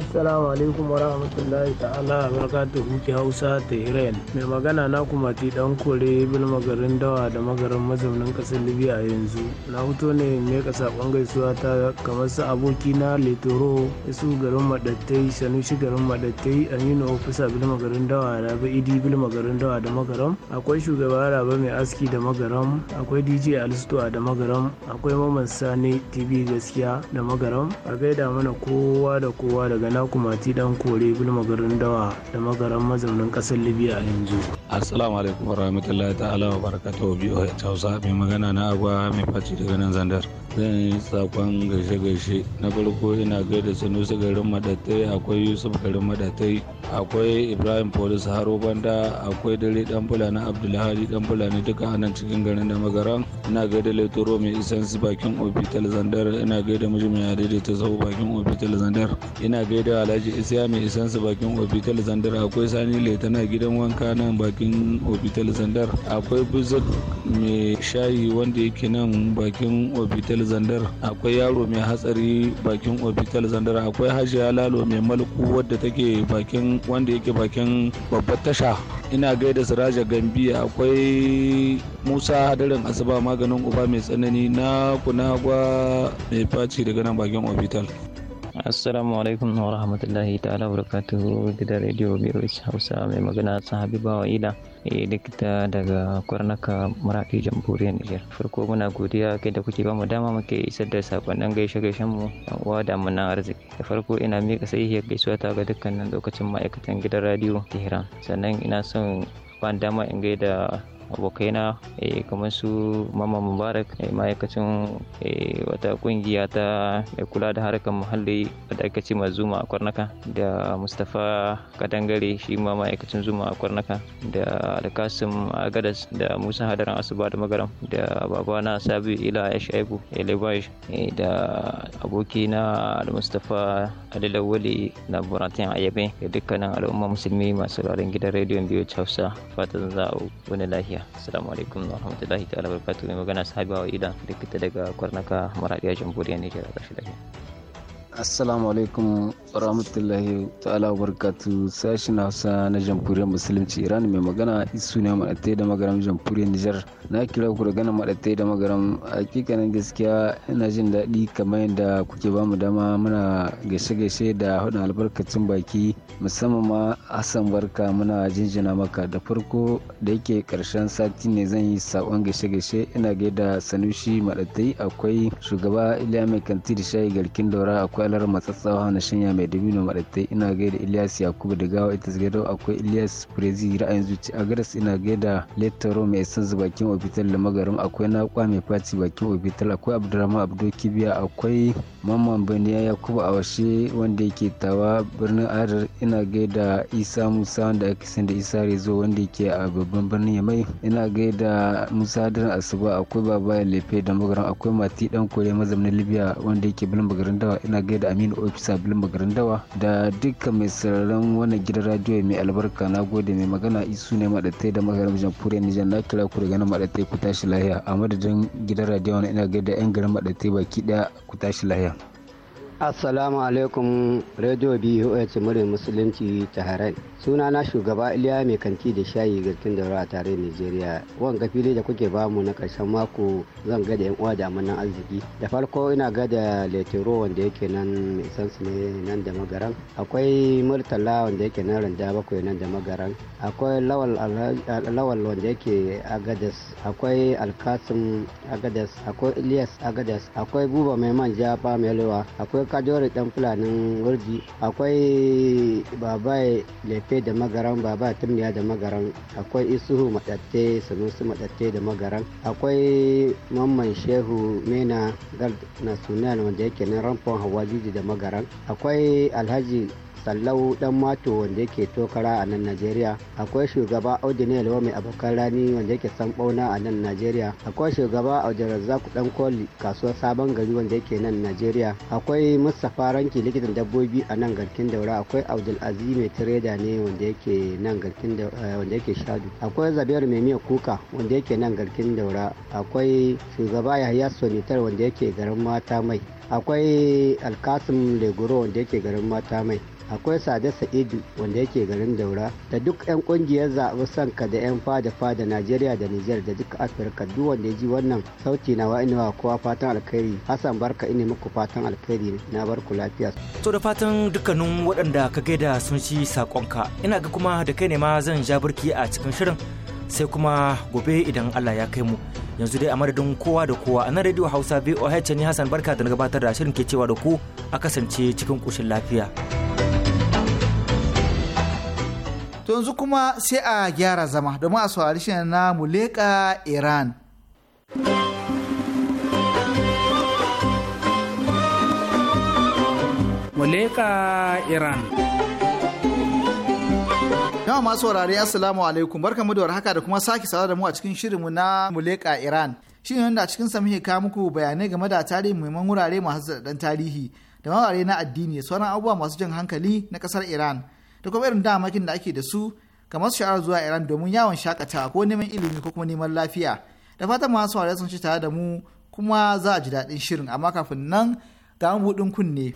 assalamu alaikum wa rahmatullahi ta'ala barakatuhu ke hausa ta iran mai magana na kuma ti dan kore bil magarin dawa da magarin mazaunin kasar libya yanzu na hoto ne mai kasa gaisuwa ta kamar su aboki na litoro isu garin madattai shi garin madattai aminu ofisa bil magarin dawa rabe idi bil magarin dawa da magaram akwai shugaba rabe mai aski da magaram akwai dj alisto da magaram akwai maman sani tv gaskiya da magaram a gaida mana kowa da kowa daga daga mati dan kore bilma garin dawa da magaran mazaunin kasar libiya a yanzu assalamu alaikum warahmatullahi ta'ala wa barakatuhu biyu hausa mai magana na agwa mai faci daga nan zandar zan yi sakon gaishe-gaishe na farko ina gaida sanusi garin madatai akwai yusuf garin madatai akwai ibrahim polis haro banda akwai dare dan fulani abdulhadi dan fulani duka anan cikin garin da magaran ina gaida laitoro mai isansu bakin ofital zandar ina gaida mijin mai adaidaita sau bakin ofital zandar ina da alhaji isa mai su bakin ofital zandar akwai sani laitana gidan wanka nan bakin ofital zandar akwai buzuk mai shayi wanda yake nan bakin ofital zandar akwai yaro mai hatsari bakin ofital zandar akwai hajiya lalo mai malku wadda take bakin wanda yake bakin babbar tasha ina gaida siraja gambi akwai musa hadarin asuba maganin uba mai tsanani na kunagwa mai faci daga nan bakin ofital assalamu alaikum wa rahmatullahi ta'ala barakatuhu gidan radio BOH Hausa mai magana sahabi bawa ida e eh, likita daga kwarnaka maraɗi jamhuriyar Nijar farko muna godiya kai da kuke bamu dama muke isar da sakonnin gaishe gaishen mu uwa da mu arziki da farko ina mika sahihiyar gaisuwa ta ga dukkanin lokacin ma'aikatan gidan radio Tehran sannan ina son ban dama in gaida abokaina eh, kamar su mama mubarak eh, ma'aikacin eh, wata kungiya ta mai kula da harkar muhalli da aka ce zuma a kwarnaka da mustapha kadangare shi ma ma'aikacin zuma a kwarnaka da alkasim agadas da musa hadaran asuba da magaram da babana sabi ila ya shaibu elebash da abokina mustapha adilawali na buratin ayabe da dukkanin al'umma musulmi masu rarin gidan rediyon biyu hausa fatan za a wani lahiya Assalamualaikum warahmatullahi taala wabarakatuh. Terima kasih sahabat wa ida kita dega kurnaka marak dia jamburian ni jaga Assalamualaikum rahmatullahi ta'ala wa barakatu sashen hausa na jamhuriyar musulunci iran mai magana isu ne maɗatai da magaram jamhuriyar nijar na kira ku da gana maɗatai da magaram hakikanin gaskiya ina jin daɗi kamar yadda kuke ba mu dama muna gaishe-gaishe da haɗin albarkacin baki musamman ma hassan barka muna jinjina maka da farko da yake karshen sati ne zan yi sakon gaishe-gaishe ina gaida sanushi maɗatai akwai shugaba iliya mai kanti da shayi garkin daura akwai alar matsatsawa na shanya mai mai dabino maɗattai ina gaida ilyas yakubu da gawa ita gaida akwai ilyas prezi ra'ayin zuci agaras ina gaida lettero mai isan bakin ofital da magarin akwai kwa mai faci bakin ofital akwai abdurrahman abdo kibiya akwai mamman ya yakubu washe wanda yake tawa birnin adar ina gaida isa musa wanda ake san da isa rezo wanda yake a babban birnin yamai ina gaida musa daren asuba akwai baba lefe da magarin akwai mati dan kore mazaunin libya wanda yake bilin bagarin dawa ina gaida aminu ofisa bilin bagarin Dandawa da duka mai sararin wannan gidan radio mai albarka na gode mai magana isu ne maɗattai da magarin jamhuriyar nijar na kira ku da ganin maɗatai ku tashi lahiya a madadin gidan radio ina gaida yan garin maɗatai baki ɗaya ku tashi lahiya. Assalamu alaikum Radio BOH Murin Musulunci Taharai. Suna na shugaba Iliya mai kanti da shayi garkin daura a tare nigeria Wanga fili da kuke bamu na karshen mako zan ga da yan uwa da amanan arziki. Da farko ina gada da Letero wanda yake nan mai sansu ne nan da magaran. Akwai Murtala wanda yake nan randa bakwai nan da magaran. Akwai Lawal wanda yake Agadas. Akwai Alkasim Agadas. Akwai Ilyas Agadas. Akwai Buba mai manja fa mai akwai akwai kajore dan fulanin wurji akwai babai lefe da magaran baba tumniya da magaran akwai isuhu madatte sanusi madatte da magaran akwai mamman shehu mena gard national wanda yake nan ramfon hawa jiji da magaran akwai alhaji sallau dan mato wanda yake tokara a nan najeriya akwai shugaba audu ne mai abokan rani wanda yake san bauna a nan najeriya akwai shugaba audu razzaku dan koli kasuwar sabon gari wanda yake nan najeriya akwai mustapha ranki likitan dabbobi a nan garkin daura akwai abdul aziz mai tireda ne wanda yake nan garkin eh, wanda yake shadu akwai zabiyar mai miya kuka wanda yake nan garkin daura akwai shugaba yahaya sonitar wanda yake garin mata mai akwai alkasim leguro wanda yake garin mata mai akwai sade sa'idu wanda yake garin daura da duk 'yan kungiyar zaɓi sanka da 'yan fada fada najeriya da nijar da duka afirka duk wanda ya ji wannan sauti na wa inuwa kowa fatan alkhairi hassan barka ina muku fatan alkhairi na barku lafiya. to da fatan dukkanin waɗanda ka gaida sun ci saƙonka ina ga kuma da kai ne ma zan ja birki a cikin shirin sai kuma gobe idan allah ya kai mu yanzu dai a madadin kowa da kowa a nan radio hausa voh ne hassan barka da na gabatar da shirin ke cewa da ku a kasance cikin kushin lafiya. to yanzu kuma sai a gyara zama domin a saurari shi na muleka iran muleka iran yawa masu wurare assalamu alaikum barkamu da warhaka da kuma sake saurara da mu a cikin shirinmu na muleka iran shi ne a cikin samihi ka muku bayanai game da tarihi muhimman wurare masu tarihi da mawarai na addini sauran abubuwa masu jan hankali na ƙasar iran da kuma irin damakin da ake da su kamar su sha'awar zuwa Iran domin yawon shakatawa ko neman ilimi ko kuma neman lafiya. Da fatan masu ware sun ci tare da mu kuma za a ji daɗin shirin amma kafin nan ga buɗin kunne.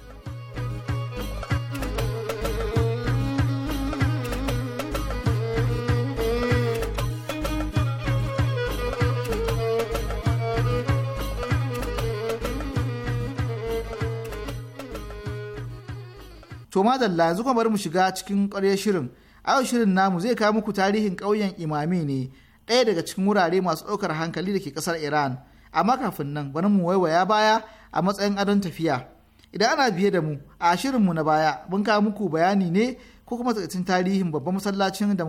to madalla yanzu kuma bari mu shiga cikin ƙwarya shirin a yau shirin namu zai kawo muku tarihin ƙauyen imami ne ɗaya daga cikin wurare masu ɗaukar hankali da ke ƙasar iran amma kafin nan bari mu waiwaya baya a matsayin adon tafiya idan ana biye da mu a mu na baya mun kawo muku bayani ne ko kuma tsakaicin tarihin babban masallacin da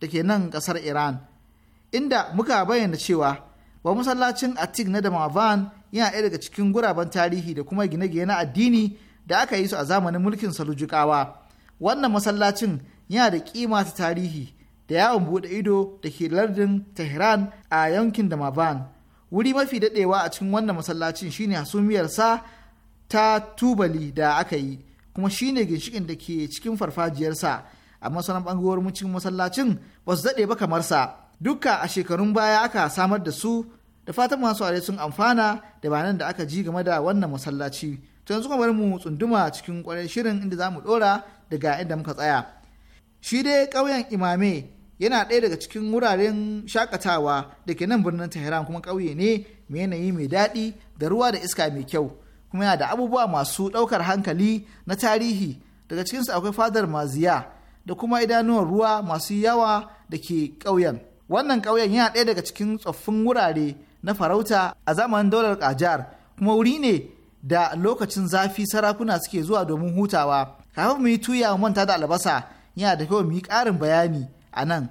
da ke nan ƙasar iran inda muka bayyana cewa ba masallacin atik na damavan yana ɗaya daga cikin guraben tarihi da kuma gine-gine na addini da aka yi su a zamanin mulkin Salujukawa. Wannan masallacin yana da kima ta tarihi da yawon buɗe ido da ke lardin Tehran a yankin Damaban. Wuri mafi daɗewa a cikin wannan masallacin shine hasumiyarsa ta tubali da aka yi, kuma shine ginshikin da ke cikin farfajiyarsa. a masanan ɓangarorin cikin masallacin ba su daɗe ba kamar sa. Dukka a shekarun baya aka samar da su da fatan masu sun amfana da banan da aka ji game da wannan masallaci. yanzu suka bar mu tsunduma cikin kwarai shirin inda za mu ɗora daga inda muka tsaya shi dai ƙauyen imame yana ɗaya daga cikin wuraren shakatawa da ke nan birnin tehran kuma ƙauye ne mai yanayi mai daɗi da ruwa da iska mai kyau kuma yana da abubuwa masu ɗaukar hankali na tarihi daga cikinsu akwai fadar maziya da kuma idanuwar ruwa masu yawa da ke ƙauyen wannan ƙauyen yana ɗaya daga cikin tsoffin wurare na farauta a zamanin daular kajar kuma wuri ne da lokacin zafi sarakuna suke zuwa domin hutawa kafin mu yi tuya manta da albasa yana da kyau mu yi ƙarin bayani a nan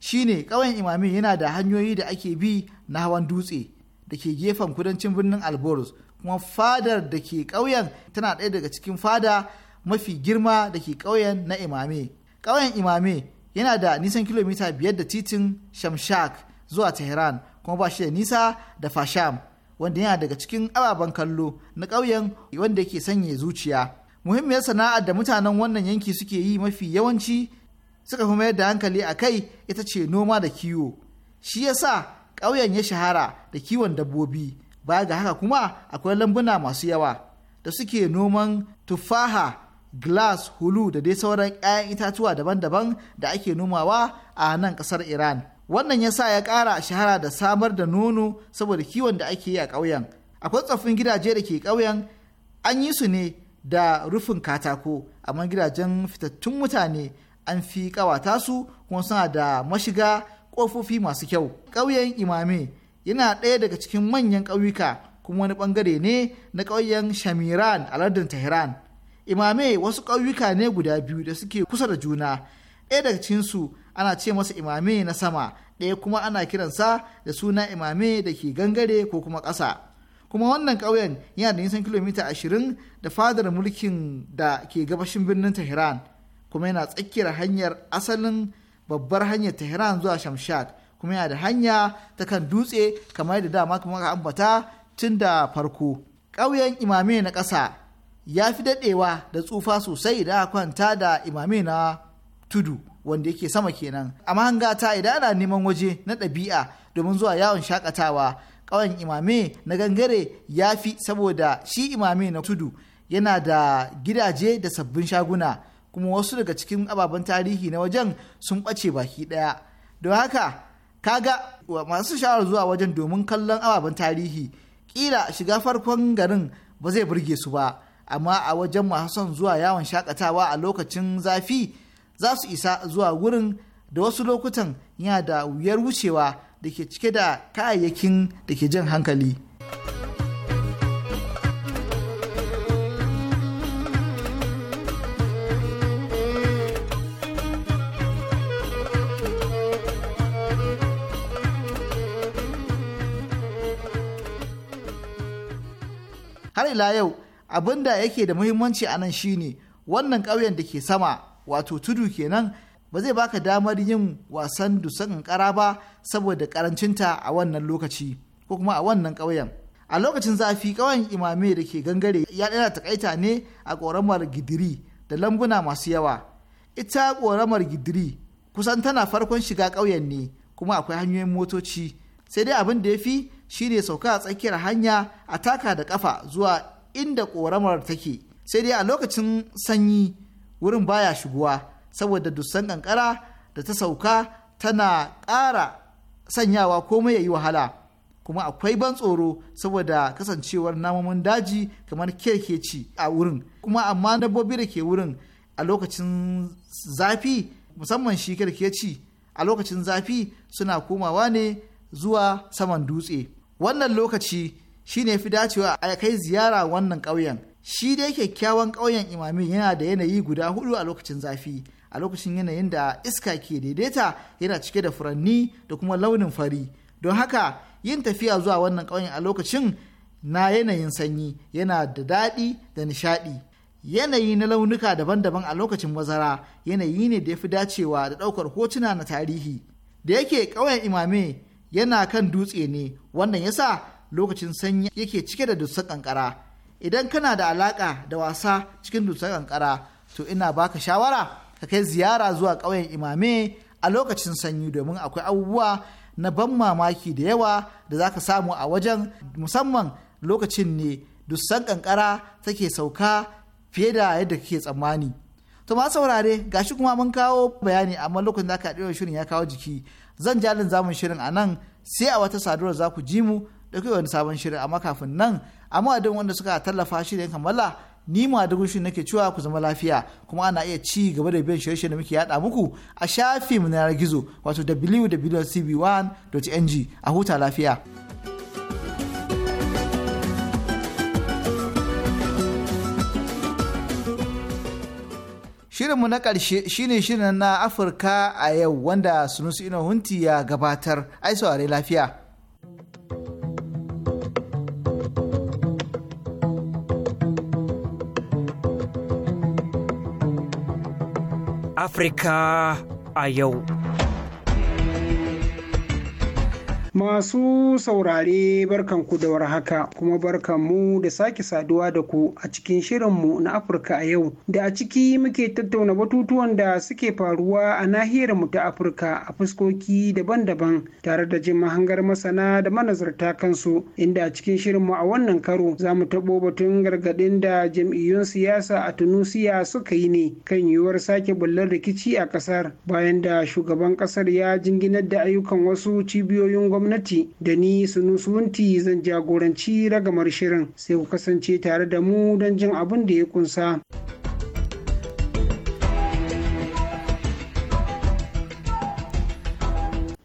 shine ƙauyen imami yana da hanyoyi da ake bi na hawan dutse da ke gefen kudancin birnin alboros kuma fadar da ke ƙauyen tana ɗaya daga cikin fada mafi girma da ke ƙauyen na imame ƙauyen imame yana da nisan kilomita biyar da titin shamshak zuwa tehran kuma ba shi da nisa da fasham wanda yana daga cikin ababen kallo na ƙauyen wanda yake sanya zuciya muhimmiyar sana'ar da mutanen wannan yanki suke yi mafi yawanci suka fi mayar da hankali a kai ita ce noma da kiwo shi ya sa ƙauyen ya shahara da kiwon dabbobi ba ga haka kuma akwai lambuna masu yawa da suke noman tufaha glass hulu da dai sauran 'ya'yan itatuwa daban-daban da ake nomawa a nan ƙasar iran wannan ya sa ya ƙara shahara da samar da nono saboda kiwon da ake yi a ƙauyen akwai tsoffin gidaje da ke ƙauyen an yi su ne da rufin katako amma gidajen fitattun mutane an fi ƙawata su kuma suna da mashiga ƙofofi masu kyau ƙauyen imame yana ɗaya daga cikin manyan ƙauyuka kuma wani ɓangare ne na ƙauyen shamiran a lardin tehran imame wasu ƙauyuka ne guda biyu da suke kusa da juna ɗaya daga cinsu ana ce masa imame na sama ɗaya kuma ana kiransa da suna imame da ke gangare ko kuma ƙasa kuma wannan ƙauyen yana da nisan kilomita ashirin da fadar mulkin da ke gabashin birnin tehran kuma yana tsakiyar hanyar asalin babbar hanyar tehran zuwa shamshad kuma yana da hanya ta kan dutse kamar da dama kuma ka ambata tun da farko ƙauyen imame na ƙasa ya fi daɗewa da tsufa sosai da kwanta da imame na tudu wanda yake sama kenan a mahangata idan ana neman waje na ɗabi'a domin zuwa yawon shakatawa ƙauyen imame na gangare ya fi saboda shi imame na tudu yana da gidaje da sabbin shaguna kuma wasu daga cikin ababen tarihi na wajen sun ɓace baki ɗaya don haka kaga masu sha'awar zuwa wajen domin kallon ababen tarihi ƙila shiga farkon garin ba zai burge su ba amma a wajen masu son zuwa yawon shakatawa a lokacin zafi za su isa zuwa wurin da wasu lokutan yana da wuyar wucewa da ke cike da kayayyakin da ke jan hankali. har ila yau abin da yake da muhimmanci a nan shine wannan ƙauyen da ke sama wato tudu kenan ba zai baka damar yin wasan dusan kankara ba saboda karancinta a wannan lokaci ko kuma a wannan ƙauyen a lokacin zafi ƙauyen imame da ke gangare ya ɗaya takaita ne a ƙoramar gidiri da lambuna masu yawa ita ƙoramar gidiri kusan tana farkon shiga ƙauyen ne kuma akwai hanyoyin motoci sai dai abin da ya fi shine sauka a tsakiyar hanya a taka da ƙafa zuwa inda ƙoramar take sai dai a lokacin sanyi wurin baya shigowa saboda dusan ƙanƙara da ta sauka tana ƙara sanyawa komai ya yi wahala kuma akwai ban tsoro saboda kasancewar namomin daji kamar kirkeci a wurin kuma amma dabbobi da ke wurin a lokacin zafi musamman shi kirkeci a lokacin zafi suna komawa ne zuwa saman dutse wannan lokaci shine fi dacewa a kai ziyara wannan ƙauyen shi dai kyakkyawan ƙauyen imami yana da yanayi guda hudu a lokacin zafi a lokacin yanayin da iska ke daidaita yana cike da furanni da kuma launin fari don haka yin tafiya zuwa wannan ƙauyen a lokacin na yanayin sanyi yana da daɗi da nishaɗi yanayi na launuka daban-daban a lokacin mazara yanayi ne da ya fi dacewa da ɗaukar hotuna na tarihi da yake ƙauyen imame yana kan dutse ne wannan yasa lokacin sanyi yake cike da dusar ƙanƙara idan kana da alaka da wasa cikin dusar kankara to ina baka shawara ka kai ziyara zuwa ƙauyen imame a lokacin sanyi domin akwai abubuwa na ban mamaki da yawa da zaka samu a wajen musamman lokacin ne dusan kankara take sauka fiye da yadda kake tsammani to ma saurare gashi kuma mun kawo bayani amma lokacin da ka ɗaya shirin ya kawo jiki zan jalin zamun shirin a nan sai a wata saduwar za ku ji mu da wani sabon shirin amma kafin nan amma a wanda suka tallafa shi da kammala ni ma da gushi nake cewa ku zama lafiya kuma ana iya ci gaba da biyan shirye da muke yada muku a shafi mu na gizo wato www.cb1.ng a huta lafiya. Shirinmu na ƙarshe shine shirin na Afirka a yau wanda Sunusu Ino Hunti ya gabatar, ai saurare lafiya. Afirka a yau. Masu saurare barkan ku da warhaka kuma barkan mu da sake saduwa da ku a cikin shirin mu na Afirka a yau da a ciki muke tattauna batutuwan da suke faruwa a nahiyar mu ta Afirka a fuskoki daban-daban tare da jin mahangar masana da manazarta kansu inda a cikin shirinmu a wannan karo za mu taɓo batun gargadin da jam'iyyun siyasa a Tunusiya suka yi ne kan yiwuwar sake bullar rikici a ƙasar bayan da shugaban ƙasar ya jinginar da ayyukan wasu cibiyoyin gwamnati gwamnati da ni sunu sumunti zan jagoranci ragamar shirin sai ku kasance tare da mu don jin abin da ya kunsa.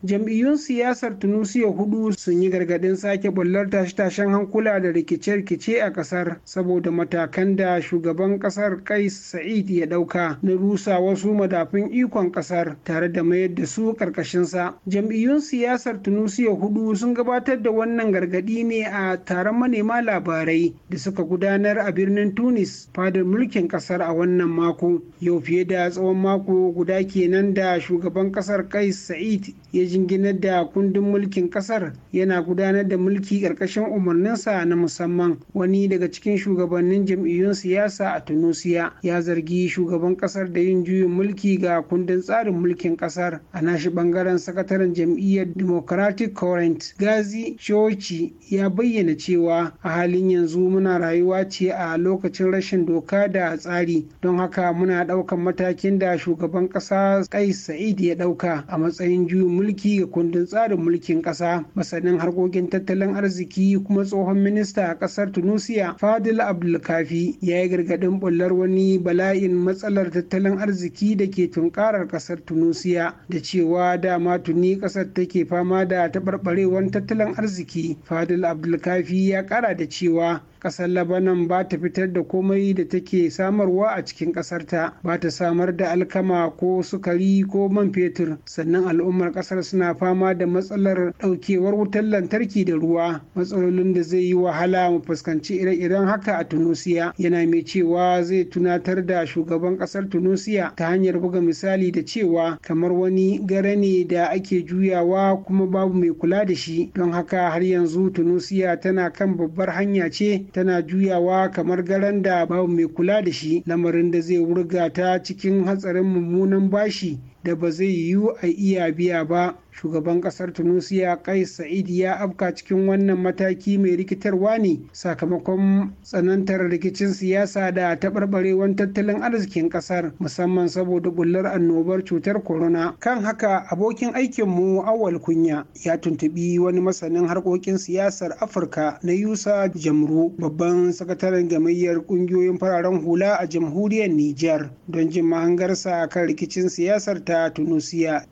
jam'iyyun siyasar tunusiya hudu sun yi gargadin sake bullar tashe-tashen hankula da rikice-rikice a kasar saboda matakan da shugaban kasar kai sa'id ya dauka na rusa wasu madafin ikon kasar tare da mayar da su karkashinsa jam'iyyun siyasar tunusiya hudu sun gabatar da wannan gargadi ne a taron manema labarai da suka gudanar a birnin tunis fadar mulkin kasar a wannan mako yau fiye da tsawon mako guda kenan da shugaban kasar kai sa'id ya ji. jinginar da kundin mulkin kasar yana gudanar da mulki ƙarƙashin umarninsa na musamman wani daga cikin shugabannin jam'iyyun siyasa a tunusiya ya zargi shugaban kasar da yin juyin mulki ga kundin tsarin mulkin kasar a nashi bangaren sakataren jam'iyyar democratic current gazi shoci ya bayyana cewa a halin yanzu muna rayuwa ce a lokacin rashin doka da tsari don haka muna ɗaukan matakin da shugaban ƙasa kai sa'id ya ɗauka a matsayin juyin mulki dokoki ga kundin tsarin mulkin ƙasa masanin harkokin tattalin arziki kuma tsohon minista a ƙasar tunisia fadil abdulkafi ya yi gargaɗin bullar wani bala'in matsalar tattalin arziki da ke tunkarar ƙasar tunisia da cewa dama tuni ƙasar take fama da taɓarɓarewar tattalin arziki fadil abdulkafi ya ƙara da cewa kasar labanan ba ta fitar da komai da take samarwa a cikin kasarta ba ta samar da alkama ko sukari ko man fetur sannan al'ummar kasar suna fama da matsalar daukewar wutar lantarki da ruwa matsalolin da zai yi wahala mu fuskanci ire-iren haka a tunusiya yana mai cewa zai tunatar da shugaban kasar tunusiya ta hanyar buga misali da cewa kamar wani gare ne da ake juyawa kuma babu mai kula da shi don haka har yanzu tunusiya tana kan babbar hanya ce tana juyawa kamar garan da babu mai kula da shi lamarin da zai wurga ta cikin hatsarin mummunan bashi da ba zai yiwu a iya biya ba shugaban kasar tunisia kai sa'id ya afka cikin wannan mataki mai rikitarwa ne sakamakon tsanantar rikicin siyasa da taɓarɓarewar tattalin arzikin kasar musamman saboda bullar annobar cutar corona kan haka abokin aikinmu awal kunya ya tuntubi wani masanin harkokin siyasar afirka na yusa jamru babban sakataren gamayyar ƙungiyoyin fararen hula a jamhuriyar Nijar, don jin mahangarsa kan rikicin siyasar ta tunisia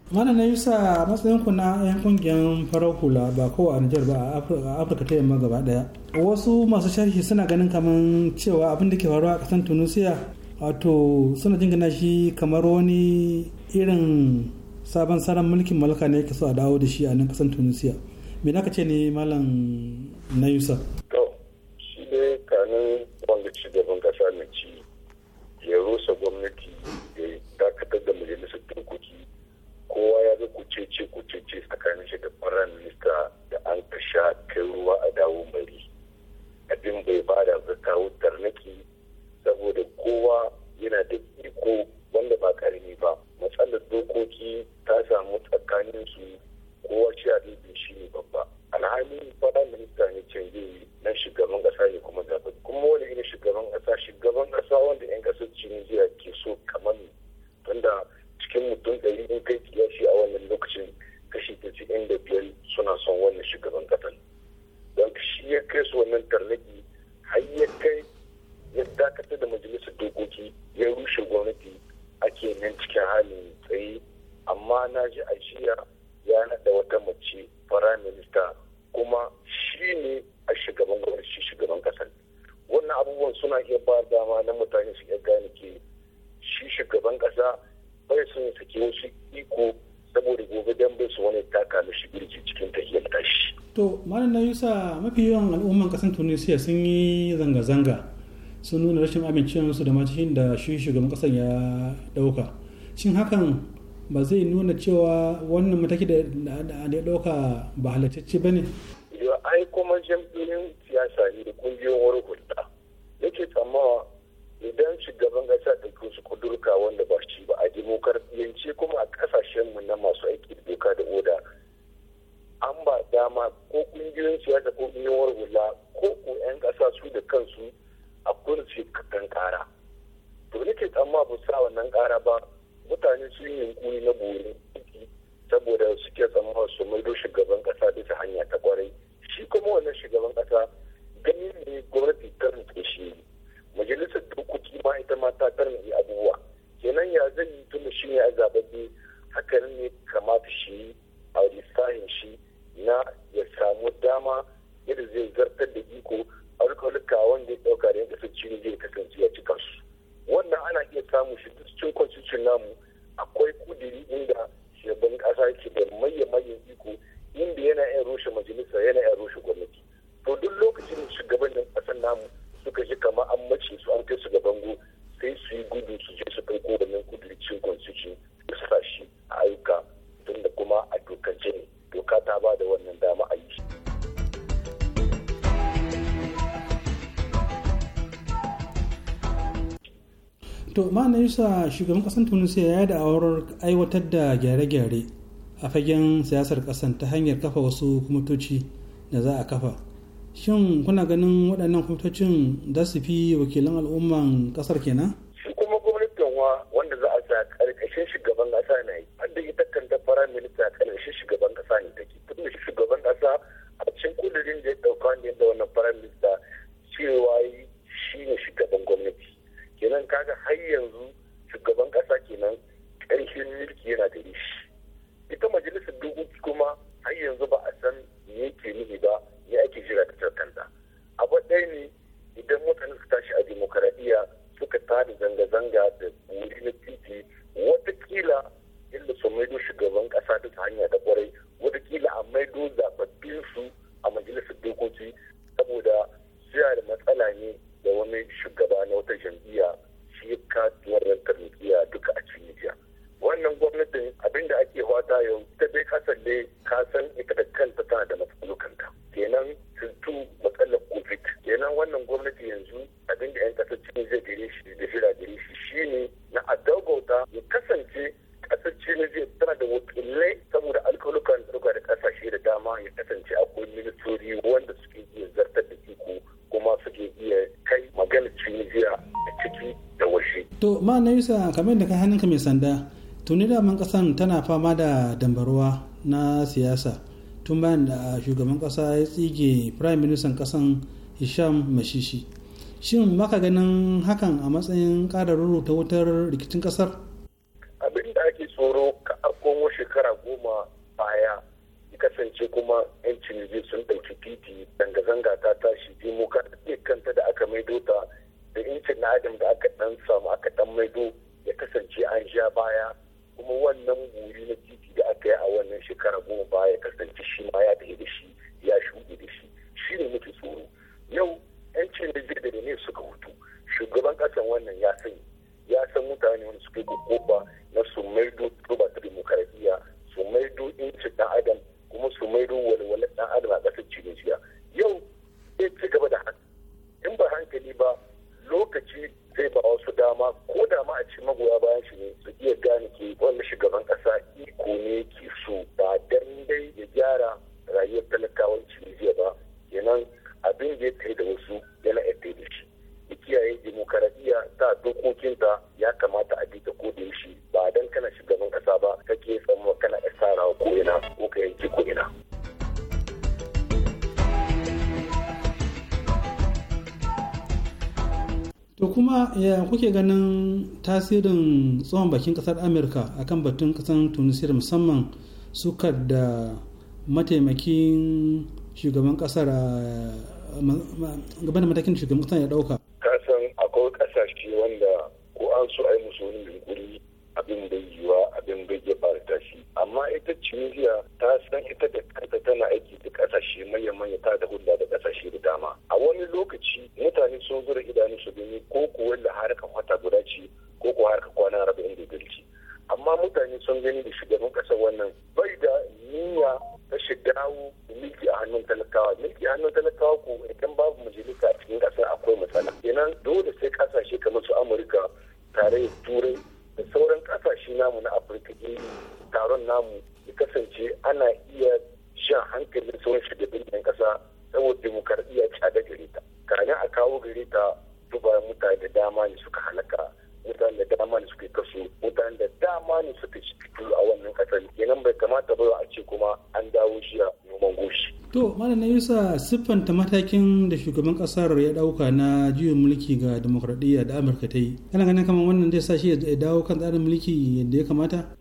ku na 'yan kungiyar farar hula ba ko a Nijar ba a Afirka ta yamma gaba daya. Wasu masu sharhi suna ganin kamar cewa abin da ke faruwa a kasan Tunusiya wato suna jingina shi kamar wani irin sabon saran mulkin malaka ne ke so a dawo da shi a nan kasan Tunusiya. Me na ce ne malam na Yusa? To, shi dai kanin wanda shugaban ƙasa ne ci ya rusa gwamnati ya dakatar da majalisa kowa ya ga kucece kucece tsakanin shi da firayim minista da an ka sha kai ruwa a dawo mari abin bai ba da ga kawo tarnaki saboda kowa yana da iko wanda ba karimi ba matsalar dokoki ta samu tsakanin su kowa shi a shi ne babba alhali firayim minista ne canje na shugaban kasa ne kuma zaɓe kuma wani irin shugaban kasa shugaban kasa wanda yan kasar jiya ke so kamar tunda cikin mutum ɗari in kai ya a wannan lokacin kashi tasa'in da biyar suna son wannan shugaban ƙasar don shi ya kai su wannan tarnaki har ya kai ya dakatar da majalisar dokoki ya rushe gwamnati ake nan cikin halin tsaye amma na ji a jiya ya naɗa wata mace prime minista kuma shi ne a shugaban gwamnati shi shugaban ƙasar wannan abubuwan suna iya ba dama na mutane su iya gane ke shi shugaban ƙasa bai sun saki wasu iko saboda gobe dan bai su wani taka mishi birki cikin tahiyar tashi. To malam na yusa mafi yawan al'umman kasan Tunisia sun yi zanga-zanga sun nuna rashin amincewarsu da matashin da shi shugaban kasan ya dauka. Shin hakan ba zai nuna cewa wannan mataki da ya dauka ba halattacce ba ne? ya ai kuma jam'iyyun siyasa ne da kungiyoyin hulɗa. Yake tsammawa idan shugaban kasa da su kudurka wanda ba shi ba a demokarɗiyance kuma a kasashen mu na masu aiki doka da oda an ba dama ko kungiyoyin siyasa ko kungiyoyin hula ko ko 'yan kasa su da kansu a kurce kan kara to nake tsamma ba sa wannan kara ba mutane sun yi yunkuri na bori saboda suke tsamma su maido shugaban kasa bisa hanya ta kwarai shi kuma wannan shugaban kasa ganin ne gwamnati kan shi majalisar dokoki ma ita ma ta yi abubuwa kenan ya zai yi tun shi ne a zababbe hakan ne kamata shi a lissahin shi na ya samu dama yadda zai zartar da iko a alkalika wanda ya dauka da ya zai kasance ya cika su wannan ana iya samu shi duk cikin constitution namu akwai kudiri inda shugaban kasa ke da maye maye iko inda yana iya rushe majalisa yana iya rushe gwamnati to duk lokacin shugaban nan kasar namu suka ji kama an mace su an kai su ga bango sai su yi gudu su je su kai kowanne cin constitution su sa shi a ayyuka tun da kuma a dokance ne doka ta ba da wannan dama a yi. to ma'ana yusa shugaban kasan tunisia ya da aurar aiwatar da gyare-gyare a fagen siyasar kasan ta hanyar kafa wasu kumatoci da za a kafa shin kuna ganin waɗannan kwamitocin da su fi wakilan al'umman ƙasar kenan shi kuma gwamnatin wa wanda za a sa ƙarƙashin shugaban ƙasa ne wanda ita kan ta fara minista ƙarƙashin shugaban ƙasa ne take tun da shugaban ƙasa a cikin kudirin da ya ɗauka ne da wannan fara minista cewa shi ne shugaban gwamnati kenan kaga har yanzu isa kamar da kai hannunka mai sanda tuni daman kasan tana fama da dambaruwa na siyasa tun bayan da shugaban kasa ya tsige prime minister kasan hisham mashishi shin maka ganin hakan a matsayin ƙara ta wutar rikicin kasar abin da ake tsoro ka wani shekara goma baya kasance kuma 'yancin ciniki sun ɗauki titi zanga-zanga ta tashi demo kanta da aka maido ta da yancin na adam da aka dan samu aka dan maido ya kasance an sha baya kuma wannan buri na titi da aka yi a wannan shekara goma baya ya kasance shi ma ya tafi da shi ya shuɗe da shi shi ne muke tsoro yau yancin da zai da ne suka hutu shugaban kasan wannan ya sani ya san mutane wanda suke kofa na su maido ta demokaradiyya su maido incin dan adam kuma su maido walwalar dan adam a kasar tunisia yau zai ci gaba da hankali in ba hankali ba lokaci zai ba wasu dama ko da ma a ci magoya bayan shi ne su iya gane ke wanda shugaban kasa iko ne ke so ba dan dai ya gyara rayuwar talakawan jiya ba kenan abin da ya kai da wasu yana ete da shi da kiyaye demokaradiyya ta dokokinta ya kamata a bi ta ko da yaushe ba dan kana shugaban kasa ba kake tsammanin kana isara ko ina ko ka yanki ko ina to kuma ya kuke ganin tasirin tsohon bakin kasar amurka akan batun kasar tunisiya musamman sukar da mataimakin shugaban kasar gaban da matakin shugaban kasar ya dauka kasan akwai kasashe wanda ko an so a yi musu wani yunkuri abin bai yiwa abin bai ya fara tashi amma ita tunisia ta san ita da kanta tana aiki da kasashe manya manya ta da hulɗa da kasashe da dama a wani lokaci mutane sun zura idanu su gani ko kuwa da harkar wata guda ce ko kuwa harkar kwana arba'in da biyar amma mutane sun gani da shugaban kasar siffanta matakin da shugaban kasar ya dauka na juyin mulki ga demokradiyya da amurka ta yi kana ganin kamar wannan zai sa shi ya dawo kan tsarin mulki yadda ya kamata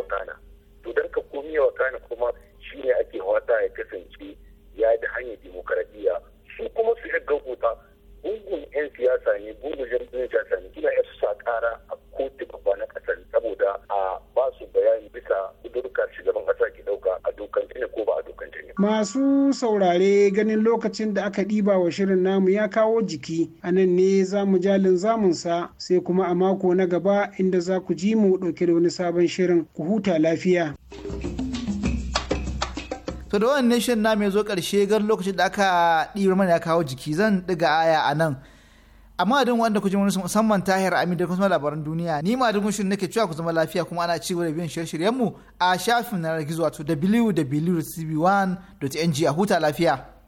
wakana to don ka komi ya wakana kuma shi ne ake wata ya kasance ya da hanyar demokaradiyya su kuma su yaggan bugun 'yan siyasa ne bugun jam'iyyar siyasa ne gina ya sa kara a kotu babba na kasar saboda a ba su bayani bisa kudurka shugaban kasa ke dauka a dokance ne ko ba a dokance ne. masu saurare ganin lokacin da aka ɗiba wa shirin namu ya kawo jiki a nan ne za mu jalin zamunsa sai kuma a mako na gaba inda za ku ji mu ɗauke da wani sabon shirin ku huta lafiya. to da wannan shirin na mai zo karshe gar lokacin da aka ɗibar mana ya kawo jiki zan ɗiga aya a nan amma don wanda kujin wani musamman tahir amin da kuma labaran duniya ni ma dukkan shirin nake cewa ku zama lafiya kuma ana ci da biyan shirye-shiryenmu a shafin na gizo wato www.tv1.ng a huta lafiya.